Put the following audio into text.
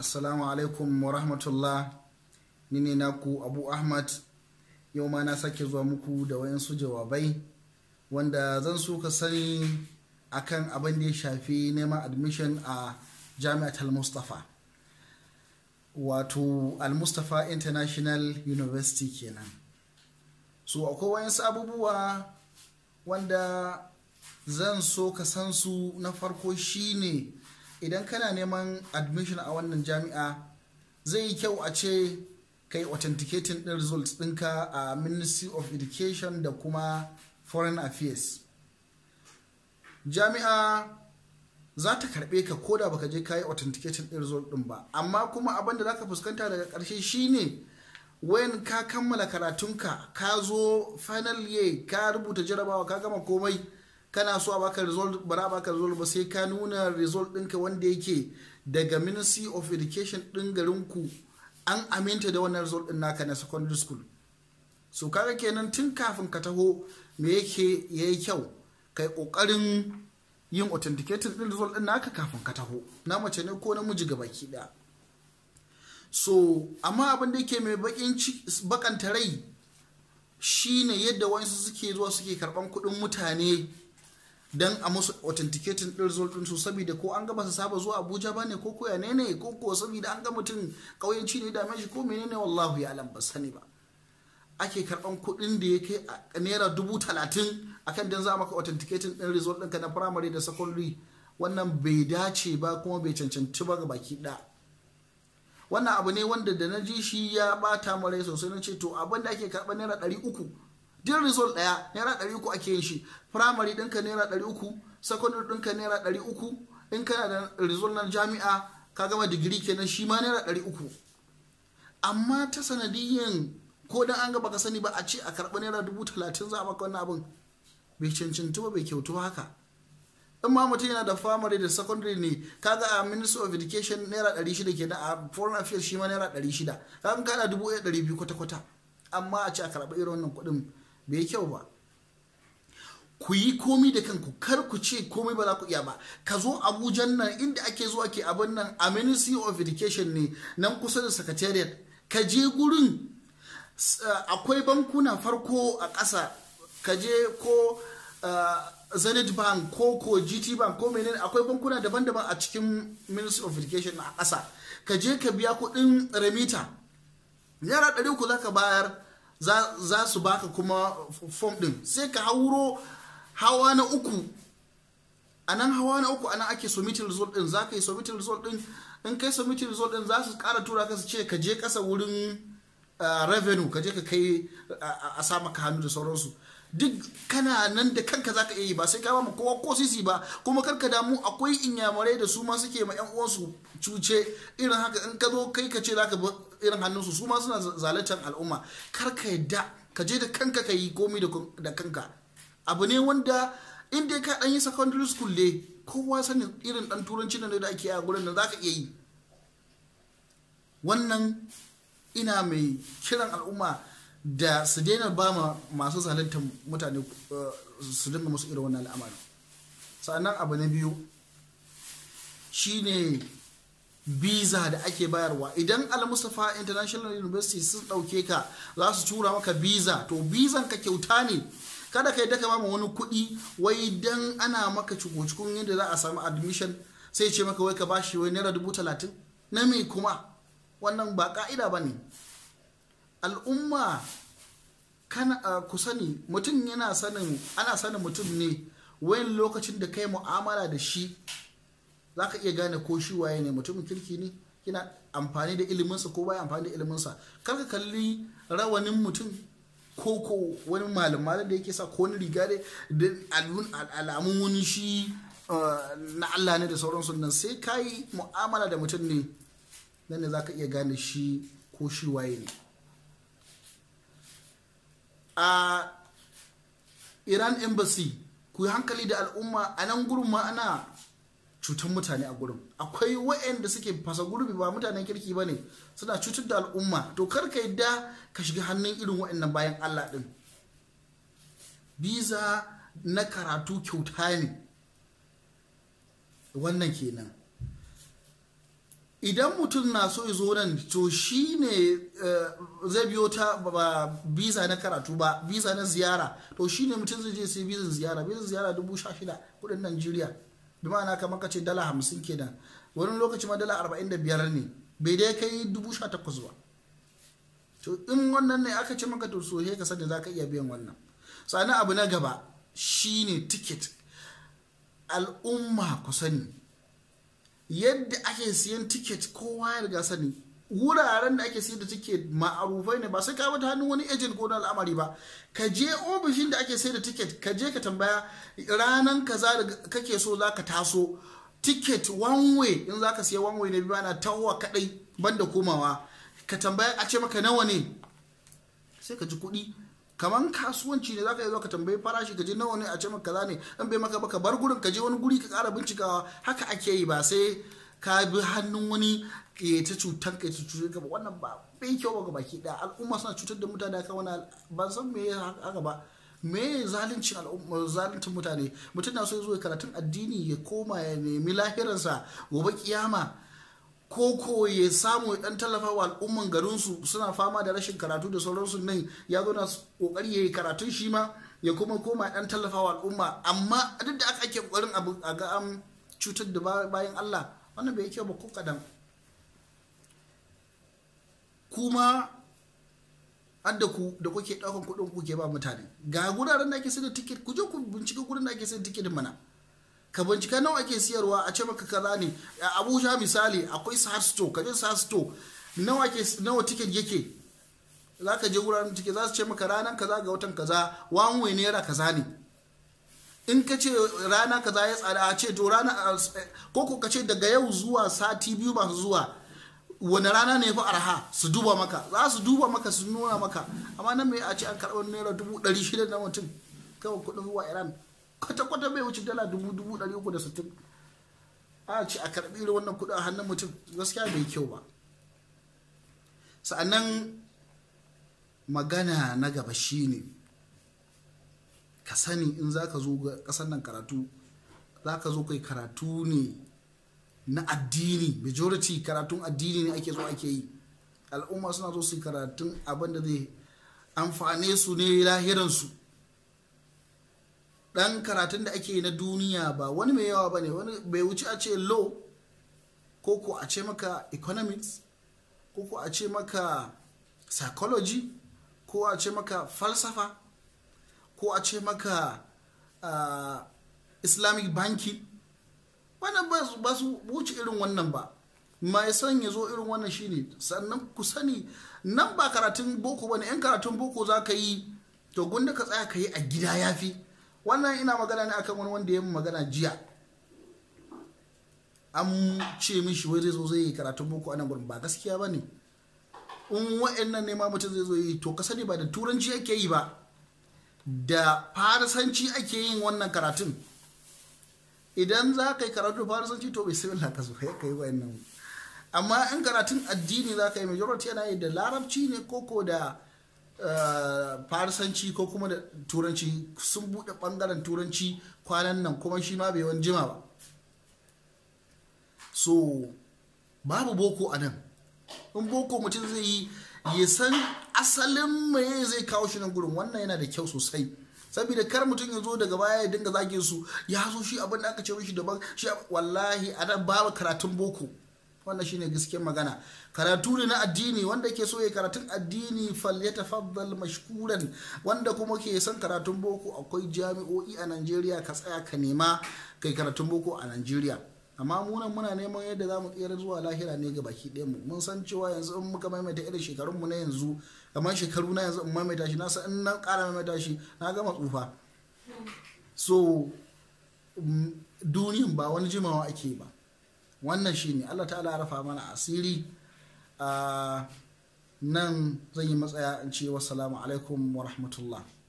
assalamu alaikum wa rahmatullah ni ne naku abu ahmad yau ma na sake zuwa muku da wayansu jawabai wanda zan so ka sani akan abin da ya shafi neman admission a jami'at al-mustafa wato al-mustafa international university kenan so akwai wayansu abubuwa wanda zan so ka san su na farko shine idan kana neman admission a wannan jami'a zai yi kyau a ce kai authenticating din results dinka a ministry of education da kuma foreign affairs jami'a za ta karɓe ka ko da baka je kayi authenticating din result din ba amma kuma abin da zaka fuskanta daga ƙarshe shine when ka kammala karatunka ka zo final year ka rubuta jarabawa ka gama komai kana so a baka result ba a baka result ba sai ka nuna result ɗinka wanda yake daga ministry of education ɗin ku an aminta da wannan result ɗin naka na secondary school so kaga kenan tun kafin ka taho me yake yayi kyau kai kokarin yin authenticating ɗin result ɗin naka kafin ka taho na mace ne ko namiji baki ɗaya so amma abin da yake mai bakin bakanta rai shine yadda wasu suke zuwa suke karban kuɗin mutane dan a musu authenticating ɗin result din su saboda ko an gaba su saba zuwa abuja bane ne ko koya ne ne ko ko saboda an ga mutum kauyanci ne da shi ko menene wallahu ya alam ba sani ba ake karban kuɗin da ya kai a naira dubu talatin akan don za maka authenticating ɗin result ɗinka na primary da secondary wannan bai dace ba kuma bai cancanci ba ga baki ɗaya wannan abu ne wanda da na ji shi ya bata rai sosai na ce to abin da ake karɓar naira ɗari uku din result daya naira ɗari uku ake yin shi primary ɗinka naira ɗari uku secondary ɗinka naira ɗari uku in kana da result na jami'a ka gama digiri kenan shi ma naira ɗari uku amma ta sanadiyyan ko dan an ga baka sani ba a ce a karɓi naira dubu talatin za a maka wannan abin bai cancantu ba bai kyautu haka in ma mutum yana da primary da secondary ne kaga a ministry of education naira shida kenan a foreign affairs shi ma naira 600 kaga kana biyu kwata-kwata amma a ce a karɓi irin wannan kuɗin bai kyau ba ku yi komi da kanku kar ku ce komai ba za ku iya ba ka zo abujan nan inda ake zuwa ke abin nan a ministry of education ne nan kusa da secretariat ka je gurin eh, akwai bankuna farko a ƙasa ka je ko eh, zenith bank ko ko gt bank ko menene akwai bankuna daban-daban a cikin ministry of education a ƙasa ka je ka biya kuɗin remita yara ɗari uku za ka bayar za su baka kuma form din sai ka hauro hawa na uku a nan hawa na uku a nan ake submitting result din za ka yi submitting result din in kai submitting result din za su kara tura ka su ce ka je kasa wurin ah, revenue ka je ka kai a sa maka hannu da sauransu duk kana nan da kanka zaka iya yi ba sai ka ba mu kowa ko sisi ba kuma karka damu akwai inyamurai da su ma suke ma yan uwansu cuce irin haka in ka zo kai ka ce zaka bi irin hannunsu su ma suna zalatan al'umma karka yadda ka je da kanka ka yi komi da kanka abu ne wanda in dai ka dan yi secondary school ne kowa sanin irin ɗan turanci ne da ake yi a gurin nan zaka iya yi wannan ina mai kiran al'umma da su daina ba ma masu zaluntar mutane eh, su dinga musu irin wannan al'amari sannan abu na biyu shine biza da ake bayarwa idan al-mustafa international university sun ɗauke ka za su tura maka biza to bizan ka kyauta ne kada kai yi daka ma wani kuɗi wai dan ana maka cuku yadda za a samu admission sai ce maka wai ka bashi wai naira dubu talatin na me kuma wannan ba ka'ida ba ne al'umma kana ku sani mutum yana sanin ana sanin mutum ne wayan lokacin da kai mu'amala da shi za ka iya gane ko shi waye ne mutumin kirki ne yana amfani da iliminsa ko baya amfani da iliminsa kar ka kalli rawanin mutum ko ko wani malam da yake sa ko wani riga da alamun wani shi na Allah ne da sauransu nan sai ka mu'amala da mutum ne nan ne za ka iya gane shi ko shi waye ne a iran embassy ku yi hankali da al'umma a nan gurin ma ana cutar mutane a gurin akwai wa'anda suke fasa gurbi ba mutanen kirki ba ne suna cutar da al'umma to kar ka yadda ka shiga hannun irin wa'annan bayan allah din biza na karatu kyauta ne wannan kenan idan mutum na so ya zo nan to shi ne eh, zai biyo ta ba biza na karatu ba biza na ziyara to shi ne mutum zai je sai bizan ziyara bizan ziyara dubu sha shida kudin najeriya bi ma'ana kamar ka ce dala hamsin kenan wani lokaci ma dala arba'in da biyar ne bai dai kai dubu sha takwas ba to in wannan ne aka ce maka to so ka sani za ka iya biyan wannan sannan abu na gaba Shi ne tiket al'umma ku sani yadda ake siyan tiket kowa ya riga sani wuraren da ake sayar da tiket ma'arufai ne ba sai ka bata hannun wani ejin ko na al'amari ba ka je ofishin da ake sayar da tiket ka je ka tambaya ranan kaza da kake so za ka taso tiket one way in za ka siya one way ne biyu ana kaɗai kadai banda komawa ka tambaya a ce maka nawa ne sai ka ji kuɗi kaman kasuwanci ne zaka iya ka tambayi farashi ka je nawa ne a ce maka kaza ne in bai maka baka ka bar gurin ka je wani guri ka kara bincikawa haka ake yi ba sai ka bi hannun wani ya ta cutar ka ta cutar ka ba wannan ba bai kyau ba ga baki ɗaya al'umma suna cutar da mutane a wani ban san me haka ba me zalincin al'umma mutane mutum na so ya zo karatun addini ya koma ya nemi lahiransa gobe kiyama ko ko ya samu dan tallafa wa al'umman garinsu suna fama da rashin karatu da sauransu nan ya zo na kokari ya yi karatun shi ma ya kuma koma dan tallafa wa al'umma amma duk da aka ake kokarin abu a ga an cutar da bayan Allah wannan bai yake ba ko kadan kuma adda ku da kuke daukan kudin ku ke ba mutane ga guraren da ake sayar da tiket ku je ku bincika guraren da ake sayar da tiket mana ka bincika nawa ake siyarwa a ce maka kaza ne abuja misali akwai sahar store ka je sahar store nawa ke ticket yake za ka je wuraren ticket za su ce maka ranar kaza ga watan kaza wani wani naira kaza ne in ka ce rana kaza ya tsada a ce to rana eh, ko ko ka ce daga yau zuwa sati biyu masu zuwa wani rana ne fi arha su duba maka za su duba maka su nuna maka amma nan mai a ce an karɓar naira dubu ɗari shida na mutum kawai kuɗin zuwa iran kwata-kwata bai wuce dala dubu dubu ɗari uku da sittin a ce a karɓi irin wannan kuɗi a hannun mutum gaskiya bai kyau ba sa'annan magana na gaba shine ka sani in za ka zo ƙasar nan karatu za ka zo kai karatu ne na addini majority karatun addini ne ake zo ake yi al'umma suna zo su karatun abin da zai amfane su ne lahiransu ɗan karatun da ake na duniya ba wani mai yawa ba ne wani bai wuce a ce law ko ko a ce maka economics ko ko a ce maka psychology ko a ce maka falsafa ko a ce maka uh, islamic banking wannan ba su wuce irin wannan ba mai son ya zo irin wannan shine sannan ku sani nan ba karatun boko ba ne yan karatun boko za ka yi to gunda ka tsaya ka yi a gida ya fi wannan ina magana ne akan wani wanda ya magana jiya an ce mishi wai zai zo zai yi karatun boko a nan gurin ba gaskiya ba ne in nan ne ma mutum zai zo yi to ka sani ba da turanci ake yi ba da farisanci ake yin wannan karatun idan za ka yi karatun farisanci to bai sai ka zo ya kai nan amma in karatun addini za ka yi majority yana yi da larabci ne koko da Eh, farsanci ko kuma da turanci sun buɗe ɓangaren turanci kwanan nan kuma shi ma bai wani jima ba so babu boko a nan in boko mutum zai yi ya san asalin mai zai kawo shi nan gurin wannan yana da kyau sosai saboda kar mutum ya zo daga baya ya dinga zage su ya zo shi abin da aka ce shi daban shi wallahi a nan babu karatun boko wannan shine gaskiyar magana karatu ne na addini wanda ke so ya karatun addini falyatafaddal mashkuran wanda kuma ke son karatun boko akwai jami'o'i a Najeriya ka tsaya ka nema kai karatun boko a Najeriya amma mu nan muna neman yadda za mu tsira zuwa lahira ne ga baki ɗaya mu mun san cewa yanzu in muka maimaita irin shekarunmu na yanzu kamar shekaru na yanzu in maimaita shi na san in na ƙara maimaita shi na gama tsufa so mm, duniyan ba wani jimawa ake ba wannan shi ne Allah ta'ala rafa mana asiri a ah, nan zan yi matsaya in ce wassalamu alaikum wa rahmatullah